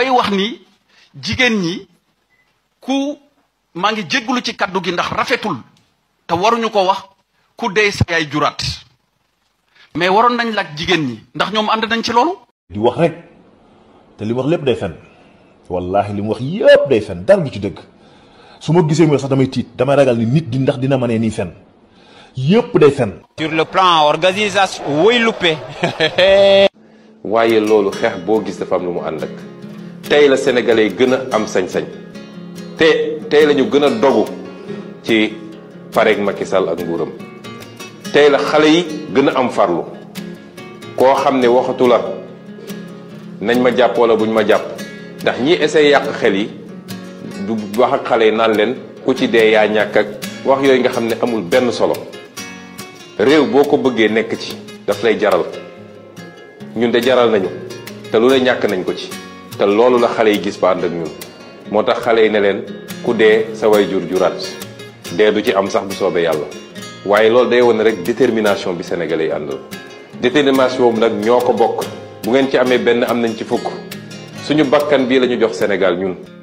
bay wax ni jigéen ñi ku maa ngi jéggulu ci kàddu gi ndax rafetul te waruñu ko wax ku dee sa yaay juraat mais waroon nañ laaj jigéen ñi ndax ñoom ànd nañ ci loolu. di wax rek te li wax lépp day fen wallahi li mu wax yëpp day fen dara du ci dëgg su ma gisee muy sax damay tiit damay ragal ni nit di ndax dina mënee nii fen yëpp day fen. sur le plan organisation woy luppe. waaye loolu xeex boo gis dafa am lu mu ànd ak. tey la sénégalais yi gën a am sañ-sañ te tey lañu gën a dogu ci pareeg Macky Sall ak nguuram tey la xale yi gën a am farlu koo xam ne waxatu la nañ ma jàpp wala buñ ma jàpp ndax ñi essayé yàq xel yi du wax ak xale yi naan leen ku ci dee yaa ñàkk ak wax yooyu nga xam ne amul benn solo réew boo ko bëggee nekk ci daf lay jaral ñun de jaral nañu te lu lay ñàkk nañ ko ci te loolu la xale yi gis ba ànd ak ñun moo tax xale yi ne leen ku dee sa way jur juraat dee du ci am sax bu soobee yàlla waaye loolu day wane rek détermination bi sénégalais yi àndal détermination boobu nag ñoo ko bokk bu ngeen ci amee benn am nañ ci fukk suñu bàkkan bii la ñu jox Sénégal ñun